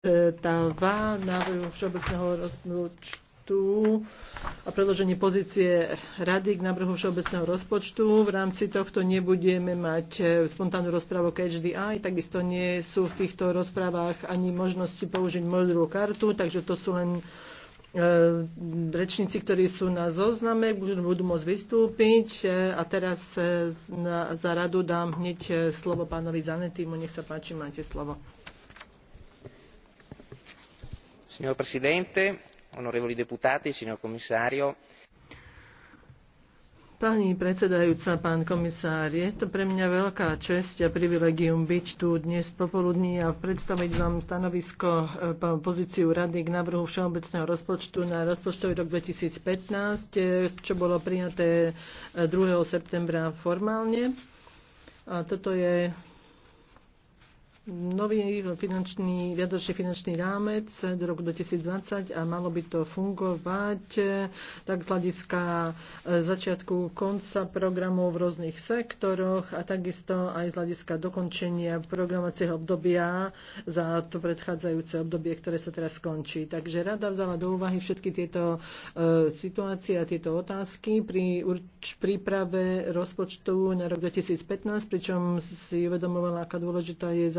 E, tá vál návrhu všeobecného rozpočtu a predloženie pozície rady k návrhu všeobecného rozpočtu. V rámci tohto nebudeme mať e, spontánnu rozprávu k HDI, takisto nie sú v týchto rozprávach ani možnosti použiť modrú kartu, takže to sú len e, rečníci, ktorí sú na zozname, budú, budú môcť vystúpiť. A teraz na, za radu dám hneď slovo pánovi Zanetimu. Nech sa páči, máte slovo signor presidente onorevoli deputati signor commissario Pani predsedajúca, pán komisár, je to pre mňa veľká česť a privilegium byť tu dnes popoludní a predstaviť vám stanovisko, e, pozíciu Rady k návrhu všeobecného rozpočtu na rozpočtový rok 2015, e, čo bolo prijaté 2. E, septembra formálne. A toto je nový finančný, viadočný finančný rámec do roku 2020 a malo by to fungovať eh, tak z hľadiska eh, začiatku konca programov v rôznych sektoroch a takisto aj z hľadiska dokončenia programovacieho obdobia za to predchádzajúce obdobie, ktoré sa teraz skončí. Takže rada vzala do úvahy všetky tieto eh, situácie a tieto otázky pri príprave rozpočtu na rok 2015, pričom si uvedomovala, aká dôležitá je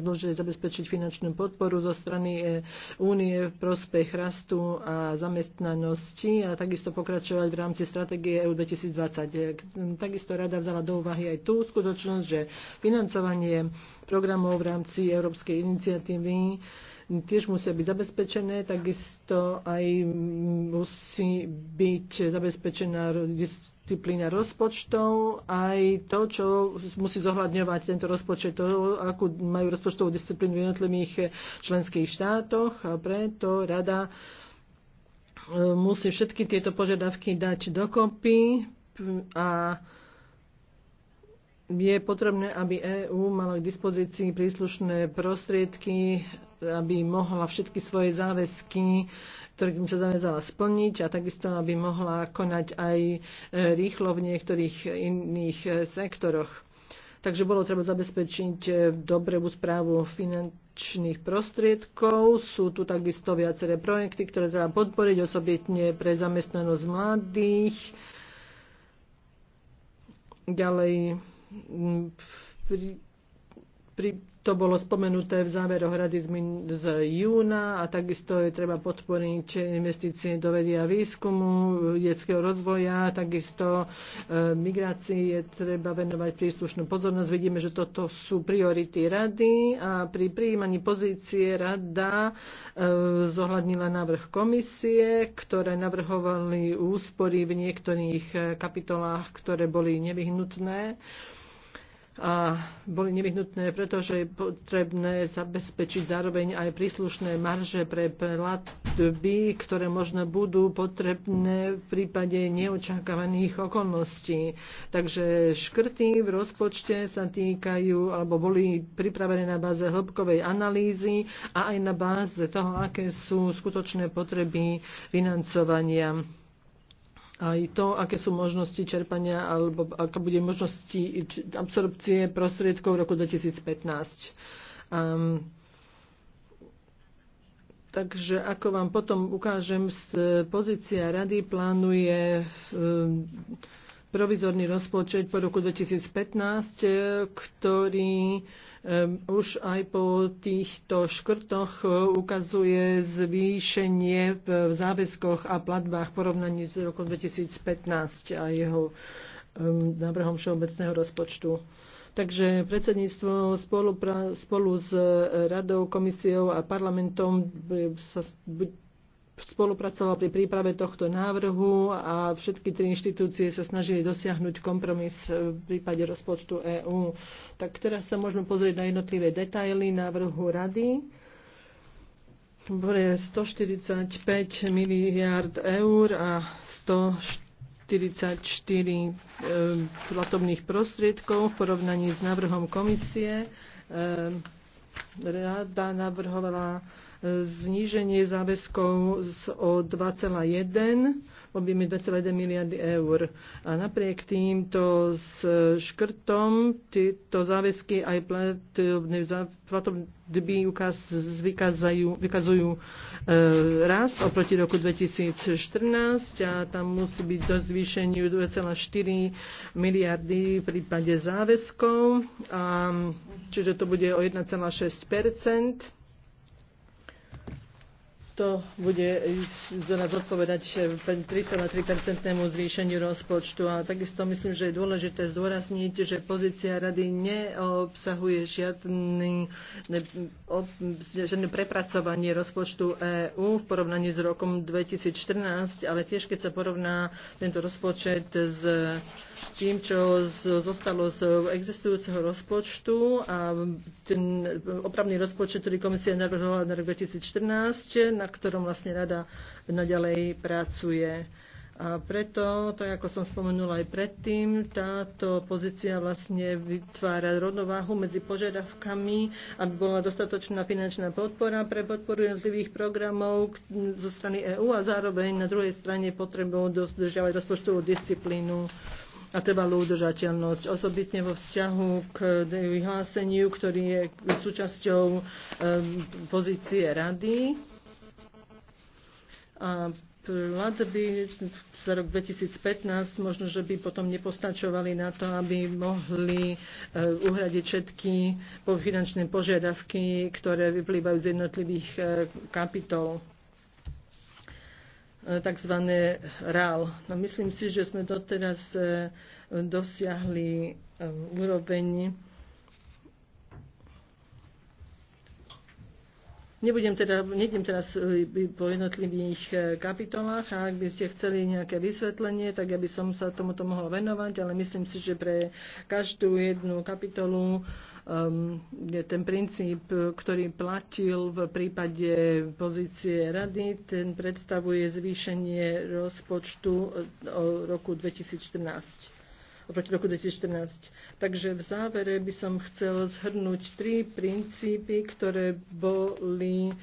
môže zabezpečiť finančnú podporu zo strany e, únie v prospech rastu a zamestnanosti a takisto pokračovať v rámci stratégie EU 2020. E, takisto rada vzala do úvahy aj tú skutočnosť, že financovanie programov v rámci Európskej iniciatívy tiež musia byť zabezpečené, takisto aj musí byť zabezpečená disciplína rozpočtov, aj to, čo musí zohľadňovať tento rozpočet, to, akú majú rozpočtovú disciplínu v jednotlivých členských štátoch a preto rada e, musí všetky tieto požiadavky dať dokopy a je potrebné, aby EÚ mala k dispozícii príslušné prostriedky, aby mohla všetky svoje záväzky, ktorým sa zaviazala splniť a takisto, aby mohla konať aj e, rýchlo v niektorých iných e, sektoroch. Takže bolo treba zabezpečiť e, dobrú správu finančných prostriedkov. Sú tu takisto viaceré projekty, ktoré treba podporiť, osobitne pre zamestnanosť mladých. Ďalej Mm, pri, pri, to bolo spomenuté v záveroch rady z, min, z júna a takisto je treba podporiť investície do vedia výskumu, detského rozvoja, takisto e, migrácii je treba venovať príslušnú pozornosť. Vidíme, že toto sú priority rady a pri prijímaní pozície rada e, zohľadnila návrh komisie, ktoré navrhovali úspory v niektorých e, kapitolách, ktoré boli nevyhnutné. E, a boli nevyhnutné, pretože je potrebné zabezpečiť zároveň aj príslušné marže pre platby, ktoré možno budú potrebné v prípade neočakávaných okolností. Takže škrty v rozpočte sa týkajú, alebo boli pripravené na báze hĺbkovej analýzy a aj na báze toho, aké sú skutočné potreby financovania aj to, aké sú možnosti čerpania alebo aká bude možnosti absorpcie prostriedkov v roku 2015. Um, ehm, takže ako vám potom ukážem, e, pozícia rady plánuje um, provizorný rozpočet po roku 2015, e, ktorý už aj po týchto škrtoch e, ukazuje zvýšenie v záväzkoch a platbách v porovnaní s rokom 2015 a jeho návrhom všeobecného rozpočtu. Takže predsedníctvo spolu, spolu s Radou, komisiou a parlamentom e, sa spolupracovala pri príprave tohto návrhu a všetky tri inštitúcie sa snažili dosiahnuť kompromis v prípade rozpočtu EÚ. Tak teraz sa môžeme pozrieť na jednotlivé detaily návrhu rady. bude 145 miliard eur a 144 e, platobných prostriedkov v porovnaní s návrhom komisie. E, Rada navrhovala zníženie záväzkov o 2,1 v objeme 2,1 miliardy eur. A napriek týmto s škrtom tieto záväzky aj platobné, platobné ukaz, vykazajú, vykazujú e, rast oproti roku 2014 a tam musí byť do zvýšeniu 2,4 miliardy v prípade záväzkov, a, čiže to bude o 1,6 to bude do nás odpovedať 3,3-percentnému zvýšeniu rozpočtu. A takisto myslím, že je dôležité zdôrazniť, že pozícia rady neobsahuje žiadny, ne, ob, žiadne prepracovanie rozpočtu EÚ v porovnaní s rokom 2014, ale tiež keď sa porovná tento rozpočet s s tým, čo zostalo z existujúceho rozpočtu a ten opravný rozpočet, ktorý komisia navrhovala na rok 2014, na ktorom vlastne rada naďalej pracuje. A preto, tak ako som spomenula aj predtým, táto pozícia vlastne vytvára rovnováhu medzi požiadavkami, aby bola dostatočná finančná podpora pre podporu jednotlivých programov zo strany EÚ a zároveň na druhej strane potrebu dodržiavať rozpočtovú disciplínu a trvalú udržateľnosť, osobitne vo vzťahu k vyhláseniu, ktorý je súčasťou ehm, pozície rady. A by za rok 2015 možno, že by potom nepostačovali na to, aby mohli ehm, uhradiť všetky finančné požiadavky, ktoré vyplývajú z jednotlivých ehm, kapitol. E, tzv. rál. No, myslím si, že sme doteraz e, dosiahli e, úroveň Nebudem teda, nejdem teraz e, po jednotlivých e, kapitolách a ak by ste chceli nejaké vysvetlenie, tak ja by som sa tomuto mohol venovať, ale myslím si, že pre každú jednu kapitolu um, je ten princíp, ktorý platil v prípade pozície rady, ten predstavuje zvýšenie rozpočtu e, o roku 2014 oproti roku 2014. Takže v závere by som chcel zhrnúť tri princípy, ktoré boli e,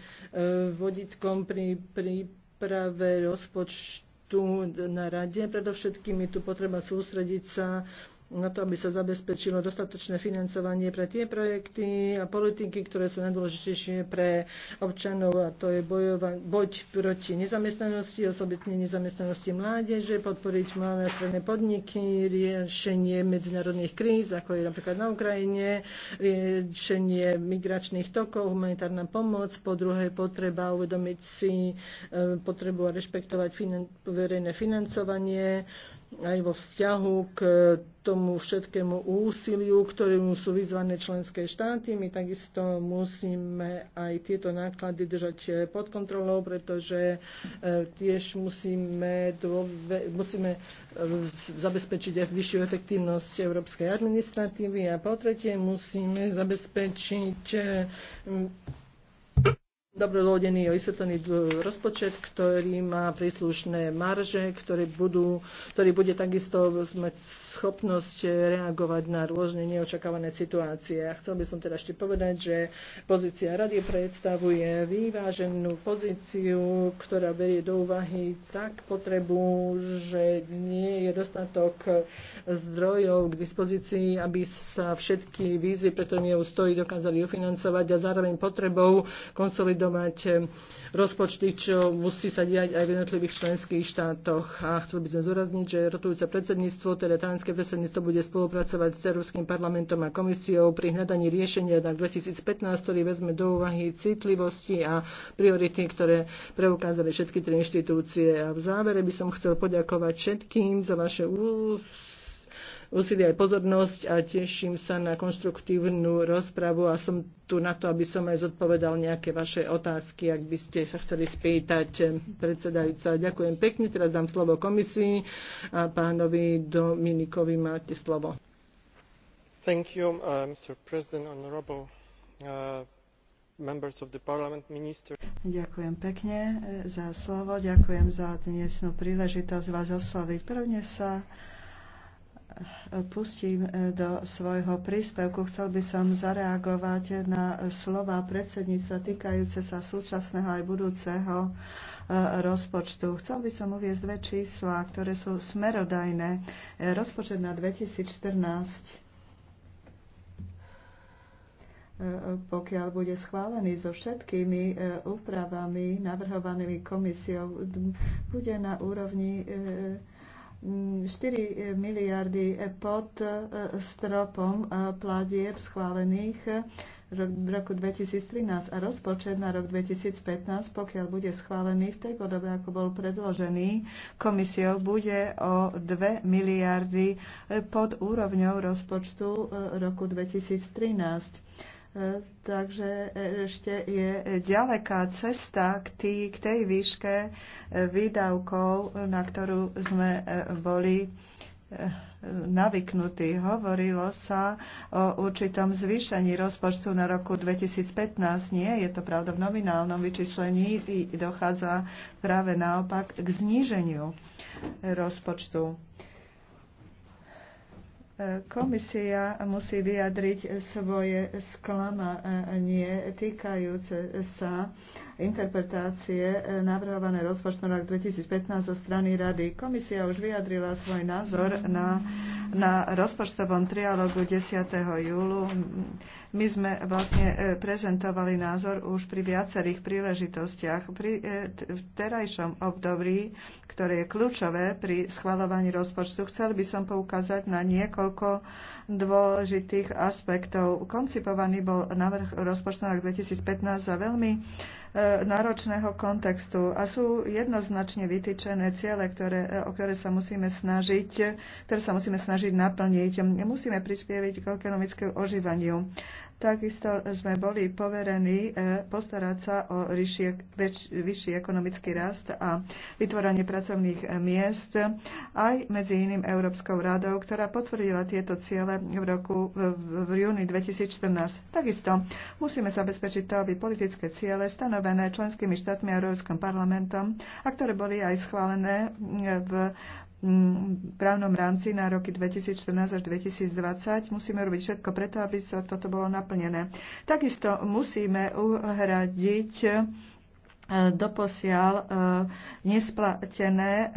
vodítkom pri príprave rozpočtu na rade. Predovšetkým je tu potreba sústrediť sa na to, aby sa zabezpečilo dostatočné financovanie pre tie projekty a politiky, ktoré sú najdôležitejšie pre občanov, a to je bojova- boď proti nezamestnanosti, osobitne nezamestnanosti mládeže, podporiť malé a stredné podniky, riešenie medzinárodných kríz, ako je napríklad na Ukrajine, riešenie migračných tokov, humanitárna pomoc, po druhé potreba uvedomiť si e, potrebu a rešpektovať finan- verejné financovanie, aj vo vzťahu k e, tomu všetkému úsiliu, ktorému sú vyzvané členské štáty. My takisto musíme aj tieto náklady držať e, pod kontrolou, pretože e, tiež musíme, dôve, musíme zabezpečiť aj vyššiu efektívnosť európskej administratívy a po tretie musíme zabezpečiť je vysvetlený rozpočet, ktorý má príslušné marže, ktoré budú, ktorý bude takisto schopnosť reagovať na rôzne neočakávané situácie. A chcel by som teda ešte povedať, že pozícia rady predstavuje vyváženú pozíciu, ktorá berie do úvahy tak potrebu, že nie je dostatok zdrojov k dispozícii, aby sa všetky výzvy, preto mi stojí, dokázali ufinancovať a zároveň potrebou konsolidovať rozpočty, čo musí sa diať aj v jednotlivých členských štátoch. A chcel by som zúrazniť, že rotujúce predsedníctvo, teda slovenské predsedníctvo bude spolupracovať s Európskym parlamentom a komisiou pri hľadaní riešenia na 2015, ktorý vezme do úvahy citlivosti a priority, ktoré preukázali všetky tri inštitúcie. A v závere by som chcel poďakovať všetkým za vaše úsilie úsilie aj pozornosť a teším sa na konštruktívnu rozpravu a som tu na to, aby som aj zodpovedal nejaké vaše otázky, ak by ste sa chceli spýtať predsedajúca. Ďakujem pekne, teraz dám slovo komisii a pánovi Dominikovi máte slovo. Thank you, uh, Mr. President, honorable uh, Ďakujem pekne uh, za slovo, ďakujem za dnesnú príležitosť vás osloviť. Prvne sa pustím e, do svojho príspevku, chcel by som zareagovať na slova predsedníctva týkajúce sa súčasného aj budúceho e, rozpočtu. Chcel by som uviezť dve čísla, ktoré sú smerodajné. E, rozpočet na 2014 pokiaľ bude schválený so všetkými úpravami navrhovanými komisiou, bude na úrovni 4 e, miliardy e, pod e, stropom platieb schválených v roku 2013 a rozpočet na rok 2015, pokiaľ bude schválený v tej podobe, ako bol predložený komisiou, bude o 2 miliardy pod úrovňou rozpočtu roku 2013. Takže ešte je ďaleká cesta k, tý, k tej výške eh, výdavkov, na ktorú sme eh, boli eh, navyknutí. Hovorilo sa o určitom zvýšení rozpočtu na roku 2015. Nie, je to pravda v nominálnom vyčíslení. Dochádza práve naopak k zníženiu rozpočtu Komisia musí vyjadriť svoje sklamanie e, týkajúce sa interpretácie e, navrhované rozpočtom rok 2015 zo strany Rady. Komisia už vyjadrila svoj názor na na rozpočtovom trialogu 10. júlu my sme vlastne e, prezentovali názor už pri viacerých príležitostiach. Pri e, terajšom období, ktoré je kľúčové pri schvalovaní rozpočtu, chcel by som poukázať na niekoľko dôležitých aspektov. Koncipovaný bol návrh rozpočtu na 2015 za veľmi náročného kontextu a sú jednoznačne vytýčené ciele, ktoré, o ktoré sa musíme snažiť, ktoré sa musíme snažiť naplniť. Musíme prispieviť k ekonomickému oživaniu. Takisto sme boli poverení e, postarať sa o vyšší, vyšší ekonomický rast a vytvoranie pracovných e, miest aj medzi iným Európskou radou, ktorá potvrdila tieto ciele v roku v, v júni 2014. Takisto musíme zabezpečiť to, aby politické ciele stanovené členskými štátmi a Európskym parlamentom a ktoré boli aj schválené e, v právnom rámci na roky 2014 až 2020. Musíme robiť všetko preto, aby sa toto bolo naplnené. Takisto musíme uhradiť E, doposiaľ e, nesplatené e,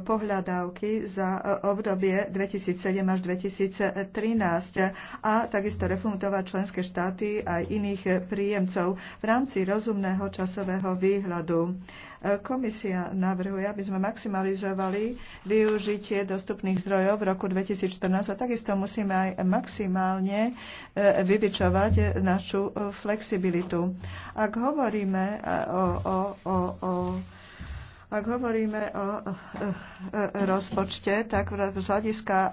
pohľadávky za obdobie 2007 až 2013 a takisto refundovať členské štáty aj iných príjemcov v rámci rozumného časového výhľadu. Komisia navrhuje, aby sme maximalizovali využitie dostupných zdrojov v roku 2014 a takisto musíme aj maximálne vybičovať našu flexibilitu. Ak hovoríme o o, o, o ak hovoríme o rozpočte, tak z hľadiska e,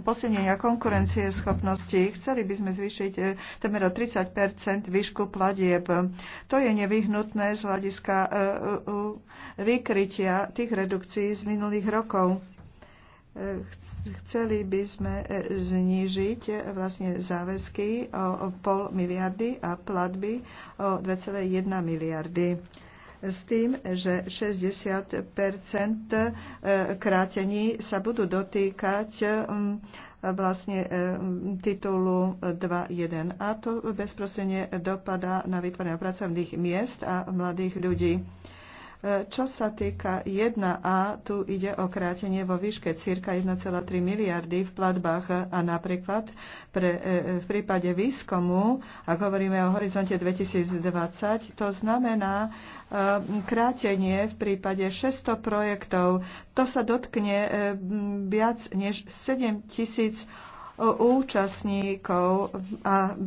posilnenia konkurencie schopnosti chceli by sme zvýšiť e, temer o 30 výšku platieb. To je nevyhnutné z hľadiska e, vykrytia tých redukcií z minulých rokov chceli by sme znížiť vlastne záväzky o pol miliardy a platby o 2,1 miliardy s tým, že 60 eh, krátení sa budú dotýkať mm, vlastne eh, mm, titulu 2.1. A to bezprostredne dopadá na vytvorenie pracovných miest a mladých ľudí. Čo sa týka 1A, tu ide o krátenie vo výške cirka 1,3 miliardy v platbách a napríklad pre, e, e, v prípade výskumu, ak hovoríme o horizonte 2020, to znamená e, krátenie v prípade 600 projektov. To sa dotkne viac než 7 tisíc účastníkov,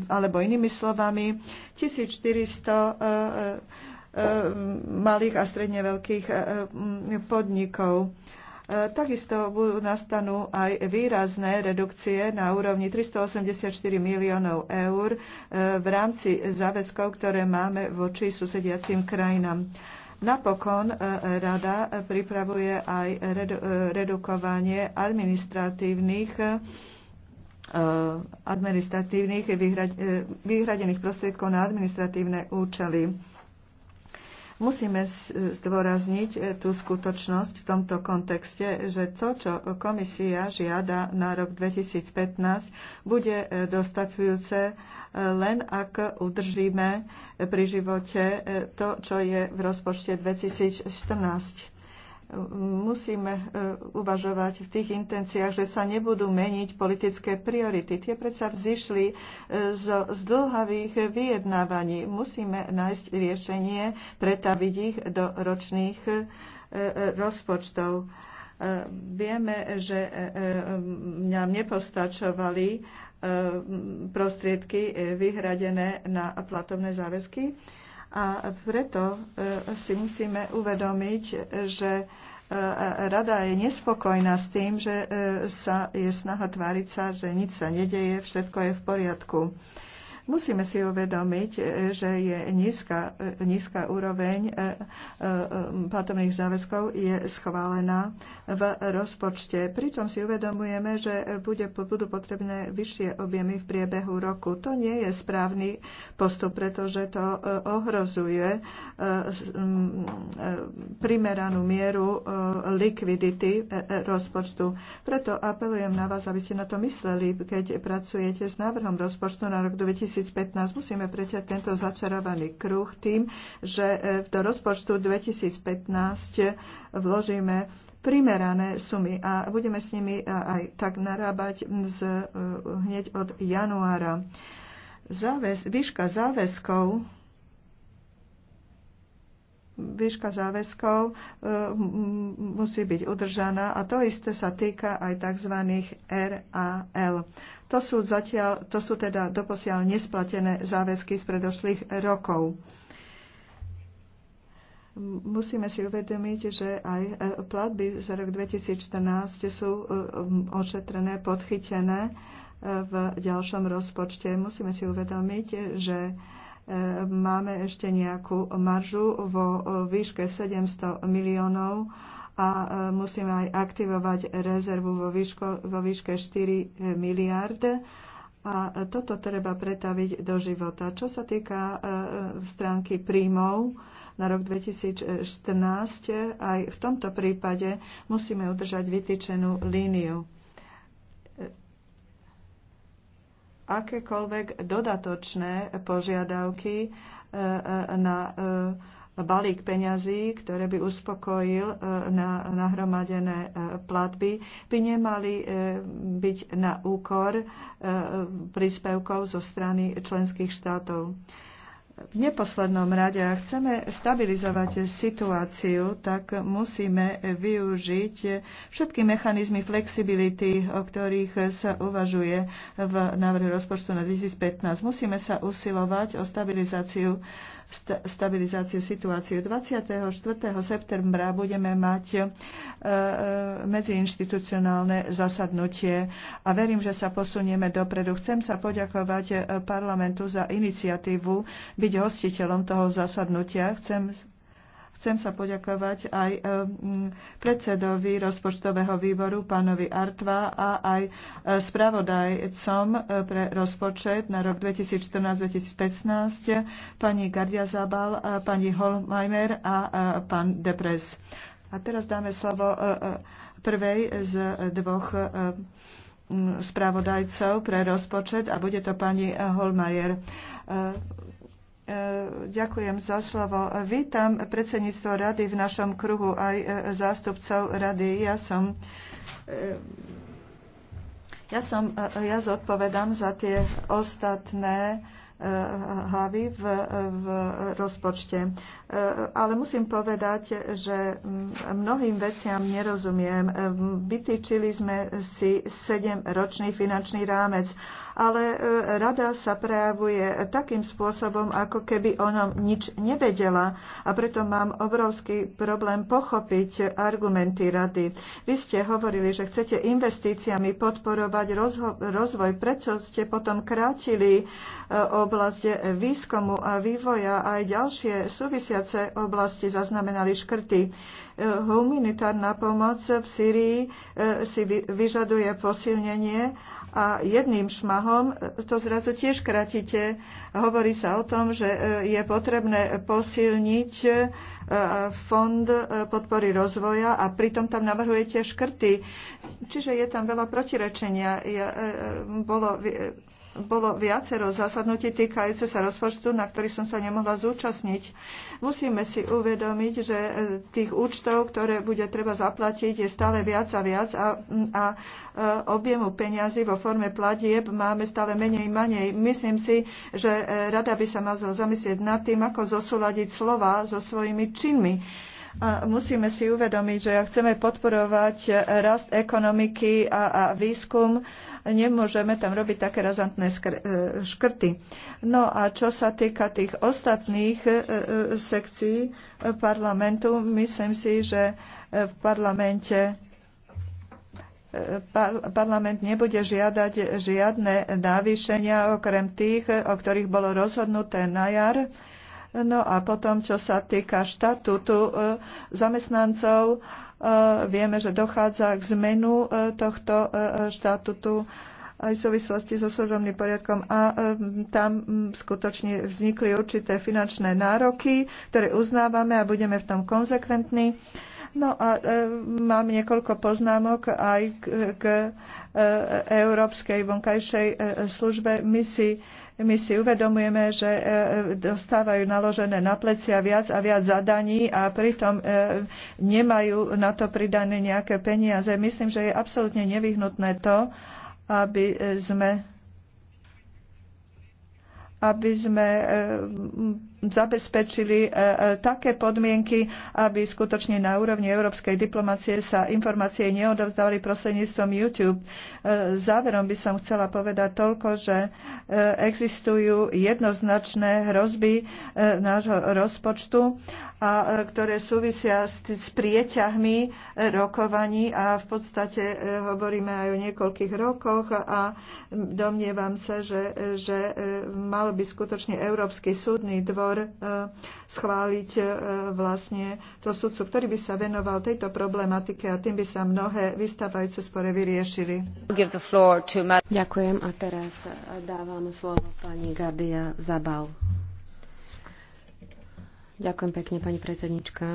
alebo inými slovami 1400 E, malých a stredne veľkých e, podnikov. E, takisto nastanú aj výrazné redukcie na úrovni 384 miliónov eur v rámci záväzkov, ktoré máme voči susediacim krajinám. Napokon rada pripravuje aj redukovanie administratívnych administratívnych vyhradených prostriedkov na administratívne účely. Musíme zdôrazniť e, tú skutočnosť v tomto kontexte, že to, čo komisia žiada na rok 2015, bude e, dostatujúce e, len ak udržíme pri živote to, čo je v rozpočte 2014 musíme e, uvažovať v tých intenciách, že sa nebudú meniť politické priority. Tie predsa vzýšli e, z, z dlhavých vyjednávaní. Musíme nájsť riešenie, pretaviť ich do ročných e, rozpočtov. Vieme, že nám nepostačovali prostriedky vyhradené na platovné záväzky a preto e, si musíme uvedomiť, že e, rada je nespokojná s tým, že e, sa je snaha tváriť sa, že nič sa nedeje, všetko je v poriadku. Musíme si uvedomiť, e, že je nízka, e, nízka úroveň e, platovných záväzkov je schválená v rozpočte. Pričom si uvedomujeme, že bude, budú potrebné vyššie objemy v priebehu roku. To nie je správny postup, pretože to ohrozuje primeranú mieru likvidity rozpočtu. Preto apelujem na vás, aby ste na to mysleli, keď pracujete s návrhom rozpočtu na rok 2020 2015. Musíme preťať tento začarovaný kruh tým, že e, do rozpočtu 2015 vložíme primerané sumy a budeme s nimi e, aj tak narábať z, e, hneď od januára. Záväz, výška záväzkov výška záväzkov e, musí byť udržaná a to isté sa týka aj tzv. RAL. To sú, zatiaľ, to sú teda doposiaľ nesplatené záväzky z predošlých rokov. Musíme si uvedomiť, že aj e, platby za rok 2014 sú e, ošetrené, podchytené v ďalšom rozpočte. Musíme si uvedomiť, že máme ešte nejakú maržu vo výške 700 miliónov a e, musíme aj aktivovať rezervu vo, výško, vo výške 4 miliard. A e, toto treba pretaviť do života. Čo sa týka e, stránky príjmov na rok 2014, aj v tomto prípade musíme udržať vytýčenú líniu akékoľvek dodatočné požiadavky e, e, na e, balík peňazí, ktoré by uspokojil na nahromadené platby, by nemali byť na úkor príspevkov zo strany členských štátov v neposlednom rade, ak chceme stabilizovať situáciu, tak musíme využiť všetky mechanizmy flexibility, o ktorých sa uvažuje v návrhu rozpočtu na 2015. Musíme sa usilovať o stabilizáciu st- stabilizáciu situáciu. 24. septembra budeme mať e, e, medziinstitucionálne zasadnutie a verím, že sa posunieme dopredu. Chcem sa poďakovať e, parlamentu za iniciatívu byť hostiteľom toho zasadnutia. Chcem Chcem sa poďakovať aj e, predsedovi rozpočtového výboru, pánovi Artva, a aj e, spravodajcom e, pre rozpočet na rok 2014-2015, pani Gardia Zabal, pani Holmeimer a pán Depres. A teraz dáme slovo prvej z dvoch spravodajcov pre rozpočet a bude to pani Holmeier. E, ďakujem za slovo. Vítam predsedníctvo rady v našom kruhu aj e, zástupcov rady. Ja som e, ja, som, ja zodpovedám za tie ostatné hlavy v, v rozpočte. Ale musím povedať, že mm, mnohým veciam nerozumiem. Vytýčili sme si 7-ročný finančný rámec ale e, rada sa prejavuje takým spôsobom, ako keby ona nič nevedela a preto mám obrovský problém pochopiť argumenty rady. Vy ste hovorili, že chcete investíciami podporovať rozvoj, prečo ste potom krátili e, oblasť výskumu a vývoja a aj ďalšie súvisiace oblasti zaznamenali škrty. Humanitárna pomoc v Syrii e, si vyžaduje posilnenie a jedným šmahom e, to zrazu tiež kratíte. Hovorí sa o tom, že e, je potrebné posilniť fond podpory rozvoja a pritom tam navrhujete škrty. Čiže je tam veľa protirečenia. Bolo bolo viacero zasadnutí týkajúce sa rozpočtu, na ktorých som sa nemohla zúčastniť. Musíme si uvedomiť, že e, tých účtov, ktoré bude treba zaplatiť, je stále viac a viac a, a e, objemu peňazí vo forme platieb máme stále menej manej. Myslím si, že e, rada by sa ma zamyslieť nad tým, ako zosúľadiť slova so svojimi činmi. A musíme si uvedomiť, že ak chceme podporovať eh, rast ekonomiky a, a výskum, nemôžeme tam robiť také razantné eh, škrty. No a čo sa týka tých ostatných eh, sekcií parlamentu, myslím si, že v parlamente parlament nebude žiadať žiadne návyšenia, okrem tých, o ktorých bolo rozhodnuté na jar No a potom, čo sa týka štatútu e, zamestnancov, e, vieme, že dochádza k zmenu e, tohto štatútu aj v súvislosti so služobným poriadkom a tam skutočne vznikli určité finančné nároky, ktoré uznávame a budeme v tom konzekventní. No a e, mám niekoľko poznámok aj k, k e, Európskej vonkajšej e, službe. My si e, my si uvedomujeme, že e, e, dostávajú naložené na plecia viac a viac zadaní a pritom e, nemajú na to pridané nejaké peniaze. Myslím, že je absolútne nevyhnutné to, aby sme aby sme zabezpečili e, e, také podmienky, aby skutočne na úrovni európskej diplomácie sa informácie neodovzdávali prostredníctvom YouTube. E, záverom by som chcela povedať toľko, že existujú jednoznačné hrozby nášho rozpočtu, a ktoré súvisia s, s prieťahmi rokovaní a v podstate hovoríme aj o niekoľkých rokoch a domnievam sa, že, že mal by skutočne Európsky súdny dvor skôr e, schváliť e, vlastne to sudcu, ktorý by sa venoval tejto problematike a tým by sa mnohé vystávajúce spore vyriešili. Ďakujem a teraz e, dávam slovo pani Gardia Zabal. Ďakujem pekne, pani predsednička,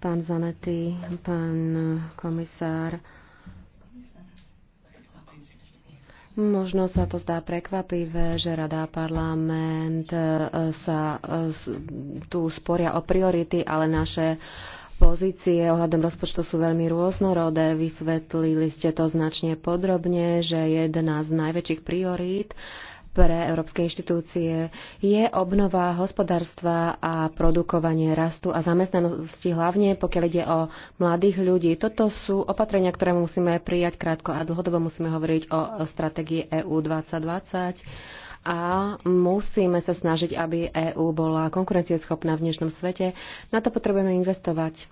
pán Zanety, pán komisár. Možno sa to zdá prekvapivé, že Rada a parlament e, sa e, tu sporia o priority, ale naše pozície ohľadom rozpočtu sú veľmi rôznorodé. Vysvetlili ste to značne podrobne, že jedna z najväčších priorít pre európske inštitúcie je obnova hospodárstva a produkovanie rastu a zamestnanosti, hlavne pokiaľ ide o mladých ľudí. Toto sú opatrenia, ktoré musíme prijať krátko a dlhodobo musíme hovoriť o stratégii EU 2020 a musíme sa snažiť, aby EÚ bola konkurencieschopná v dnešnom svete. Na to potrebujeme investovať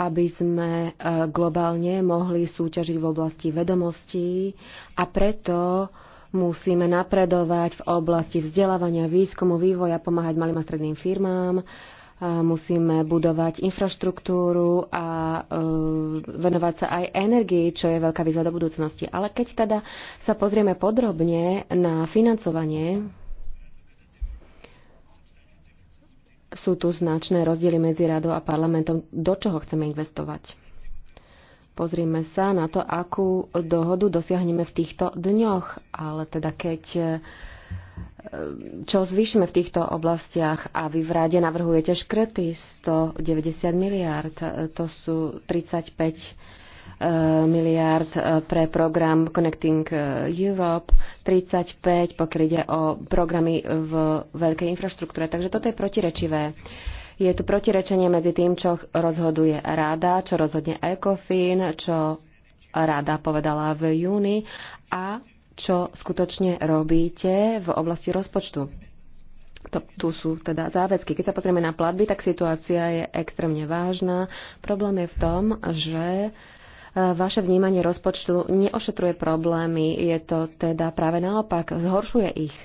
aby sme e, globálne mohli súťažiť v oblasti vedomostí a preto musíme napredovať v oblasti vzdelávania, výskumu, vývoja, pomáhať malým a stredným firmám, e, musíme budovať infraštruktúru a e, venovať sa aj energii, čo je veľká výzva do budúcnosti. Ale keď teda sa pozrieme podrobne na financovanie sú tu značné rozdiely medzi radou a parlamentom, do čoho chceme investovať. Pozrime sa na to, akú dohodu dosiahneme v týchto dňoch, ale teda keď e, čo zvýšime v týchto oblastiach a vy v rade navrhujete škrety 190 miliárd, e, to sú 35 Eh, miliard eh, pre program Connecting eh, Europe, 35, pokiaľ ide o programy v veľkej infraštruktúre. Takže toto je protirečivé. Je tu protirečenie medzi tým, čo rozhoduje rada, čo rozhodne ECOFIN, čo rada povedala v júni a čo skutočne robíte v oblasti rozpočtu. To, tu sú teda záväzky. Keď sa potrieme na platby, tak situácia je extrémne vážna. Problém je v tom, že uh, vaše vnímanie rozpočtu neošetruje problémy, je to teda práve naopak, zhoršuje ich.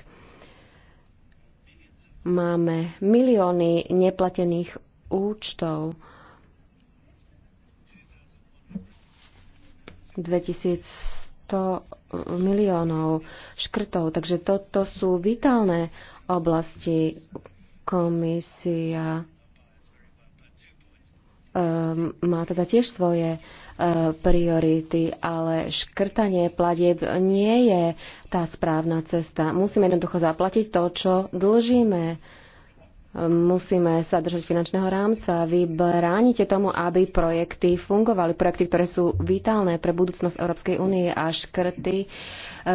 Máme milióny neplatených účtov. 2100 miliónov škrtov. Takže toto sú vitálne oblasti komisia Ehm, má teda tiež svoje eh, priority, ale škrtanie platieb nie je tá správna cesta. Musíme jednoducho zaplatiť to, čo dlžíme musíme sa držať finančného rámca. Vy bránite tomu, aby projekty fungovali, projekty, ktoré sú vitálne pre budúcnosť Európskej únie a škrty e,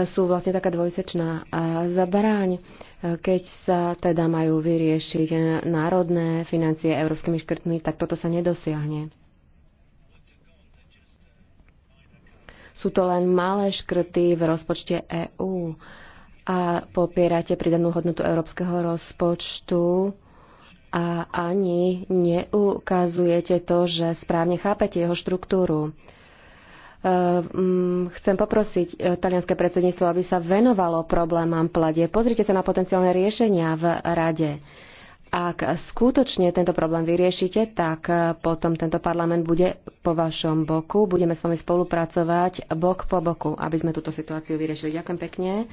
sú vlastne taká dvojsečná e, zabráň e, keď sa teda majú vyriešiť národné financie európskymi škrtmi, tak toto sa nedosiahne. Sú to len malé škrty v rozpočte EÚ a popierate pridanú hodnotu európskeho rozpočtu a ani neukazujete to, že správne chápete jeho štruktúru. E, mm, chcem poprosiť e, talianské predsedníctvo, aby sa venovalo problémam plade. Pozrite sa na potenciálne riešenia v rade. Ak skutočne tento problém vyriešite, tak e, potom tento parlament bude po vašom boku. Budeme s vami spolupracovať bok po boku, aby sme túto situáciu vyriešili. Ďakujem pekne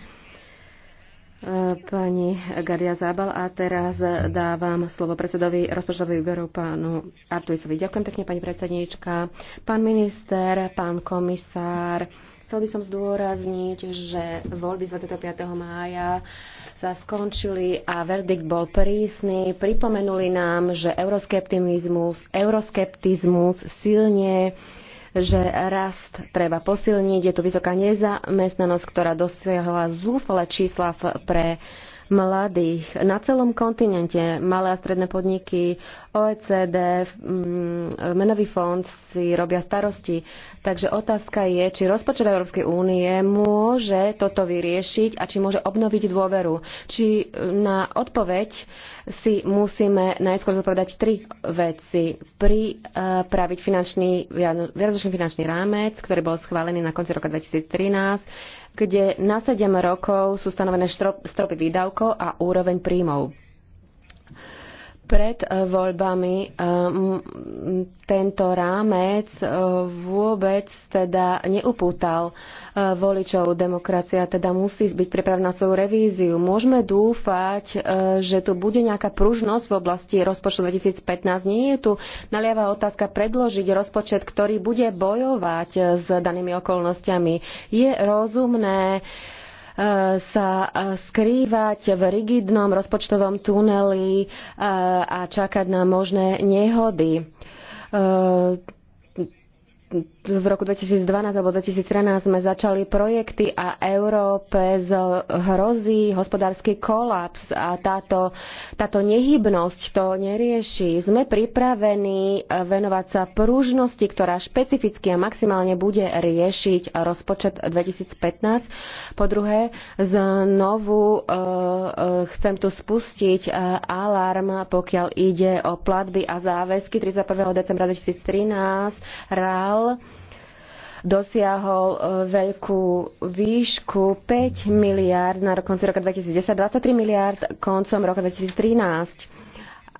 pani Garia Zábal a teraz dávam slovo predsedovi rozpočtového výboru pánu Artuisovi. Ďakujem pekne, pani predsedníčka. Pán minister, pán komisár, chcel by som zdôrazniť, že voľby z 25. mája sa skončili a verdikt bol prísny. Pripomenuli nám, že euroskeptizmus, euroskeptizmus silne že rast treba posilniť. Je tu vysoká nezamestnanosť, ktorá dosiahla zúfale čísla pre mladých na celom kontinente. Malé a stredné podniky, OECD, mm, Menový fond si robia starosti. Takže otázka je, či rozpočet Európskej únie môže toto vyriešiť a či môže obnoviť dôveru. Či e, na odpoveď si musíme najskôr zodpovedať tri veci. Pripraviť finančný, viacročný finančný rámec, ktorý bol schválený na konci roka 2013, kde na sedem rokov sú stanovené stropy výdavkov a úroveň príjmov. Pred eh, voľbami eh, tento rámec eh, vôbec teda neupútal voličov. Demokracia teda musí byť pripravená na svoju revíziu. Môžeme dúfať, že tu bude nejaká pružnosť v oblasti rozpočtu 2015. Nie je tu naliavá otázka predložiť rozpočet, ktorý bude bojovať s danými okolnostiami. Je rozumné, sa e, skrývať v rigidnom rozpočtovom tuneli e, a čakať na možné nehody e, v roku 2012 alebo 2013 sme začali projekty a Európe z hrozí hospodársky kolaps a táto, táto nehybnosť to nerieši. Sme pripravení eh, venovať sa pružnosti, ktorá špecificky a maximálne bude riešiť rozpočet 2015. Po druhé, znovu eh, eh, chcem tu spustiť alarm, pokiaľ ide o platby a záväzky 31. decembra 2013 RAL dosiahol e, veľkú výšku 5 miliárd na konci roka 2010, 23 miliárd koncom roka 2013.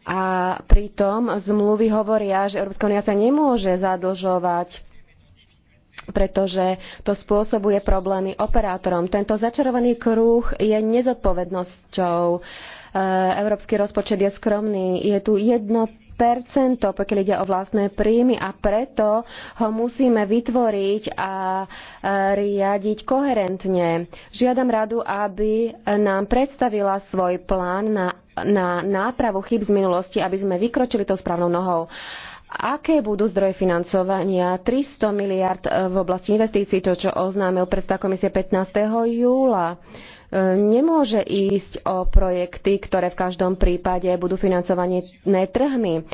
A pritom zmluvy hovoria, že Európska únia sa nemôže zadlžovať pretože to spôsobuje problémy operátorom. Tento začarovaný kruh je nezodpovednosťou. E, Európsky rozpočet je skromný. Je tu jedno percento, pokiaľ ide o vlastné príjmy a preto ho musíme vytvoriť a riadiť koherentne. Žiadam radu, aby nám predstavila svoj plán na, na nápravu chyb z minulosti, aby sme vykročili tou správnou nohou. Aké budú zdroje financovania? 300 miliard v oblasti investícií, to, čo oznámil predseda komisie 15. júla. Nemôže ísť o projekty, ktoré v každom prípade budú financované trhmi.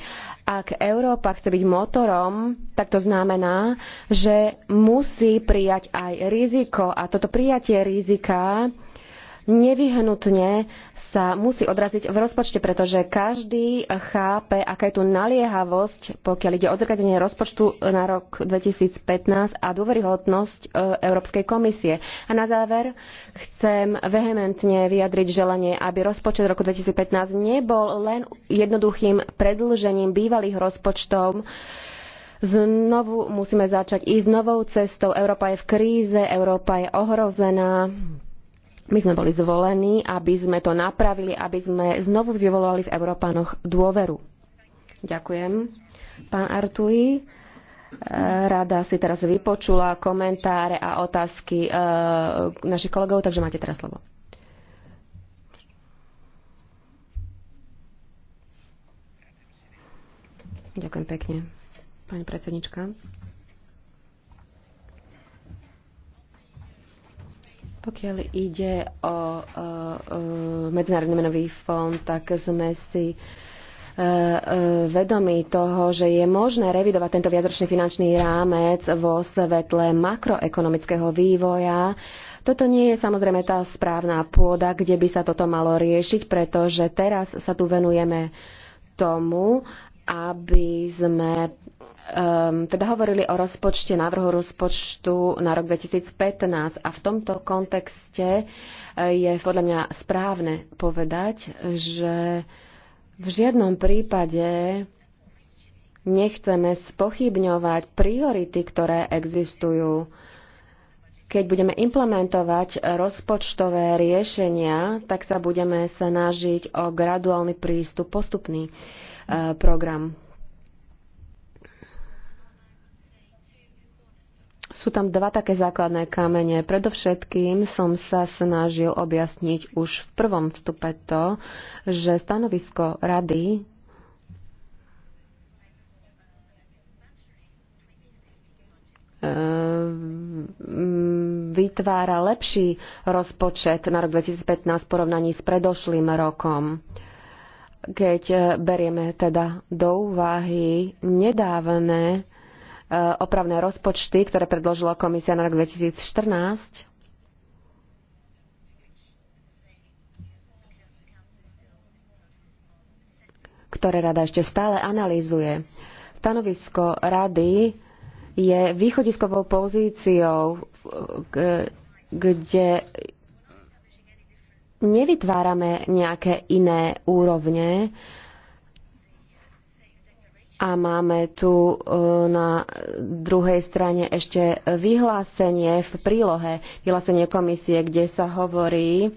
Ak Európa chce byť motorom, tak to znamená, že musí prijať aj riziko. A toto prijatie rizika nevyhnutne sa musí odraziť v rozpočte, pretože každý chápe, aká je tu naliehavosť, pokiaľ ide o odzrkadenie rozpočtu na rok 2015 a dôveryhodnosť e, Európskej komisie. A na záver chcem vehementne vyjadriť želanie, aby rozpočet roku 2015 nebol len jednoduchým predlžením bývalých rozpočtov, Znovu musíme začať ísť novou cestou. Európa je v kríze, Európa je ohrozená my sme boli zvolení, aby sme to napravili, aby sme znovu vyvolali v Európanoch dôveru. Ďakujem. Pán Artui, eh, rada si teraz vypočula komentáre a otázky eh, našich kolegov, takže máte teraz slovo. Ďakujem pekne, pani predsednička. Pokiaľ ide o Medzinárodný menový fond, tak sme si e, e, vedomí toho, že je možné revidovať tento viacročný finančný rámec vo svetle makroekonomického vývoja. Toto nie je samozrejme tá správna pôda, kde by sa toto malo riešiť, pretože teraz sa tu venujeme tomu, aby sme um, teda hovorili o rozpočte, návrhu rozpočtu na rok 2015 a v tomto kontexte eh, je podľa mňa správne povedať, že v žiadnom prípade nechceme spochybňovať priority, ktoré existujú. Keď budeme implementovať rozpočtové riešenia, tak sa budeme snažiť o graduálny prístup, postupný eh, program. Sú tam dva také základné kamene. Predovšetkým som sa snažil objasniť už v prvom vstupe to, že stanovisko rady e, vytvára lepší rozpočet na rok 2015 v porovnaní s predošlým rokom. Keď e, berieme teda do úvahy nedávne Eh, opravné rozpočty, ktoré predložila komisia na rok 2014, ktoré rada ešte stále analýzuje. Stanovisko rady je východiskovou pozíciou, eh, kde nevytvárame nejaké iné úrovne, a máme tu e, na druhej strane ešte vyhlásenie v prílohe, vyhlásenie komisie, kde sa hovorí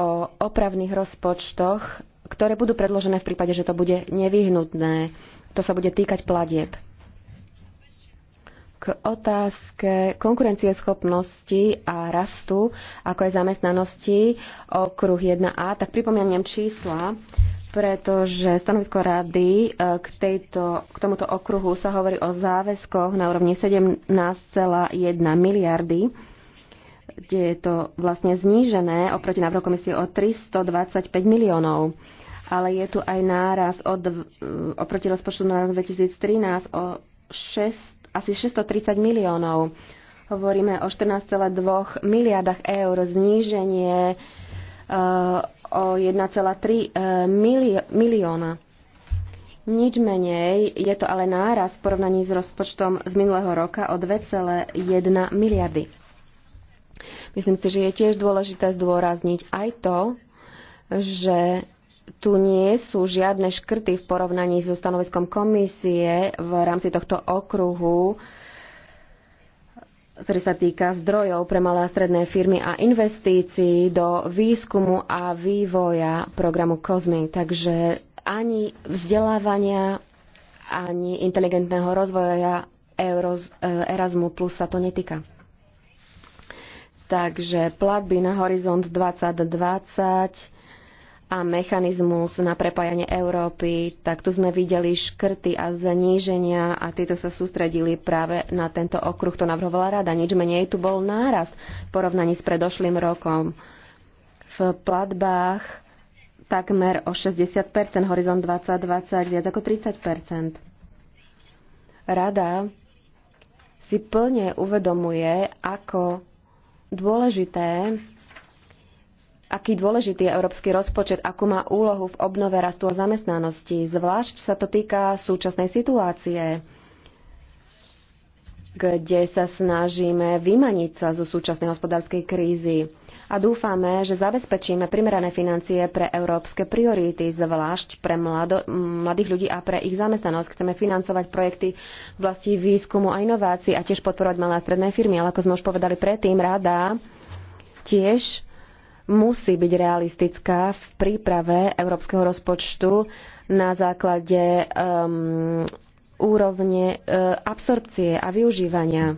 o opravných rozpočtoch, ktoré budú predložené v prípade, že to bude nevyhnutné. To sa bude týkať platieb. K otázke konkurencieschopnosti a rastu, ako aj zamestnanosti, okruh 1a, tak pripomeniem čísla pretože stanovisko rady e, k, tejto, k tomuto okruhu sa hovorí o záväzkoch na úrovni 17,1 miliardy, kde je to vlastne znížené oproti návrhu komisie o 325 miliónov ale je tu aj náraz od, e, oproti rozpočtu na rok 2013 o 6, asi 630 miliónov. Hovoríme o 14,2 miliardách eur zníženie uh, o 1,3 e, milióna. Nič menej, je to ale náraz v porovnaní s rozpočtom z minulého roka o 2,1 miliardy. Myslím si, že je tiež dôležité zdôrazniť aj to, že tu nie sú žiadne škrty v porovnaní so stanoviskom komisie v rámci tohto okruhu ktorý sa týka zdrojov pre malé a stredné firmy a investícií do výskumu a vývoja programu COSMI. Takže ani vzdelávania, ani inteligentného rozvoja eh, Erasmu Plus sa to netýka. Takže platby na horizont 2020 a mechanizmus na prepájanie Európy, tak tu sme videli škrty a zníženia a tieto sa sústredili práve na tento okruh. To navrhovala rada. Nič menej tu bol náraz v porovnaní s predošlým rokom. V platbách takmer o 60%, horizont 2020 viac ako 30%. Rada si plne uvedomuje, ako dôležité aký dôležitý je európsky rozpočet, akú má úlohu v obnove rastu a zamestnanosti. Zvlášť sa to týka súčasnej situácie, kde sa snažíme vymaniť sa zo súčasnej hospodárskej krízy. A dúfame, že zabezpečíme primerané financie pre európske priority, zvlášť pre mlado, mladých ľudí a pre ich zamestnanosť. Chceme financovať projekty v vlasti výskumu a inovácií a tiež podporovať malé a stredné firmy. Ale ako sme už povedali predtým, rada tiež musí byť realistická v príprave európskeho rozpočtu na základe um, úrovne uh, absorpcie a využívania,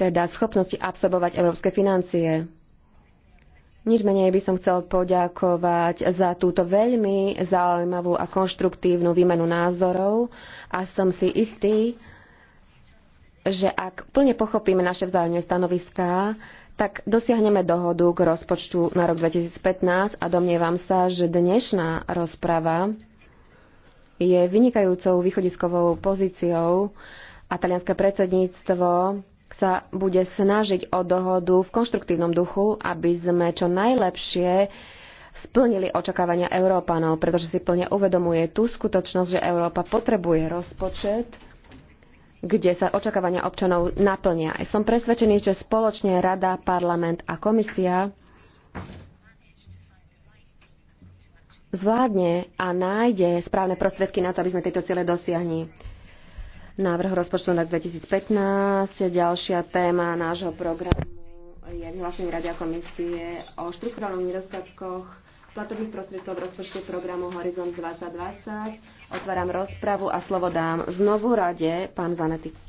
teda schopnosti absorbovať európske financie. Nič menej by som chcel poďakovať za túto veľmi zaujímavú a konštruktívnu výmenu názorov a som si istý, že ak plne pochopíme naše vzájomné stanoviská, tak dosiahneme dohodu k rozpočtu na rok 2015 a domnievam sa, že dnešná rozprava je vynikajúcou východiskovou pozíciou a talianské predsedníctvo sa bude snažiť o dohodu v konštruktívnom duchu, aby sme čo najlepšie splnili očakávania Európanov, pretože si plne uvedomuje tú skutočnosť, že Európa potrebuje rozpočet kde sa očakávania občanov naplnia. Som presvedčený, že spoločne Rada, Parlament a Komisia zvládne a nájde správne prostriedky na to, aby sme tieto ciele dosiahli. Návrh rozpočtu na rok 2015, ďalšia téma nášho programu je vyhlásenie Rady a komisie o štruktúrálnych nedostatkoch platobných prostriedkov v rozpočte programu Horizont 2020 Otváram rozpravu a slovo dám znovu rade pán Zanetik.